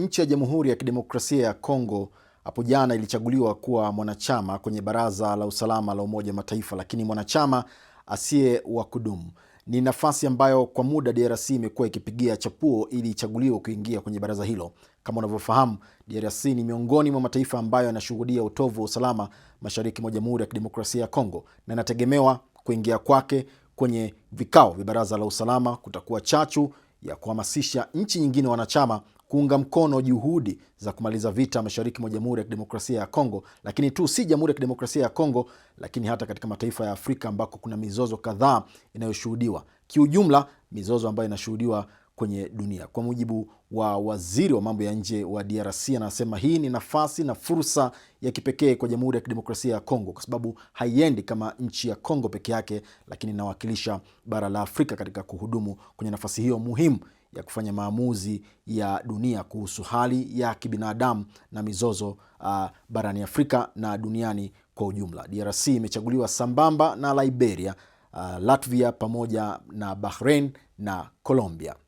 Nchi ya Jamhuri ya Kidemokrasia ya Kongo hapo jana ilichaguliwa kuwa mwanachama kwenye Baraza la Usalama la Umoja Mataifa, lakini mwanachama asiye wa kudumu. Ni nafasi ambayo kwa muda DRC imekuwa ikipigia chapuo ili ichaguliwe kuingia kwenye baraza hilo. Kama unavyofahamu, DRC ni miongoni mwa mataifa ambayo yanashuhudia utovu wa usalama mashariki mwa Jamhuri ya Kidemokrasia ya Kongo, na inategemewa kuingia kwake kwenye vikao vya Baraza la Usalama kutakuwa chachu ya kuhamasisha nchi nyingine wanachama kuunga mkono juhudi za kumaliza vita mashariki mwa Jamhuri ya Kidemokrasia ya Kongo, lakini tu si Jamhuri ya Kidemokrasia ya Kongo, lakini hata katika mataifa ya Afrika ambako kuna mizozo kadhaa inayoshuhudiwa. Kiujumla, mizozo ambayo inashuhudiwa kwenye dunia. Kwa mujibu wa waziri wa mambo ya nje wa DRC, anasema hii ni nafasi na fursa ya kipekee kwa Jamhuri ya Kidemokrasia ya Kongo kwa sababu haiendi kama nchi ya Kongo peke yake, lakini inawakilisha bara la Afrika katika kuhudumu kwenye nafasi hiyo muhimu ya kufanya maamuzi ya dunia kuhusu hali ya kibinadamu na mizozo uh, barani Afrika na duniani kwa ujumla. DRC imechaguliwa sambamba na Liberia, uh, Latvia pamoja na Bahrain na Colombia.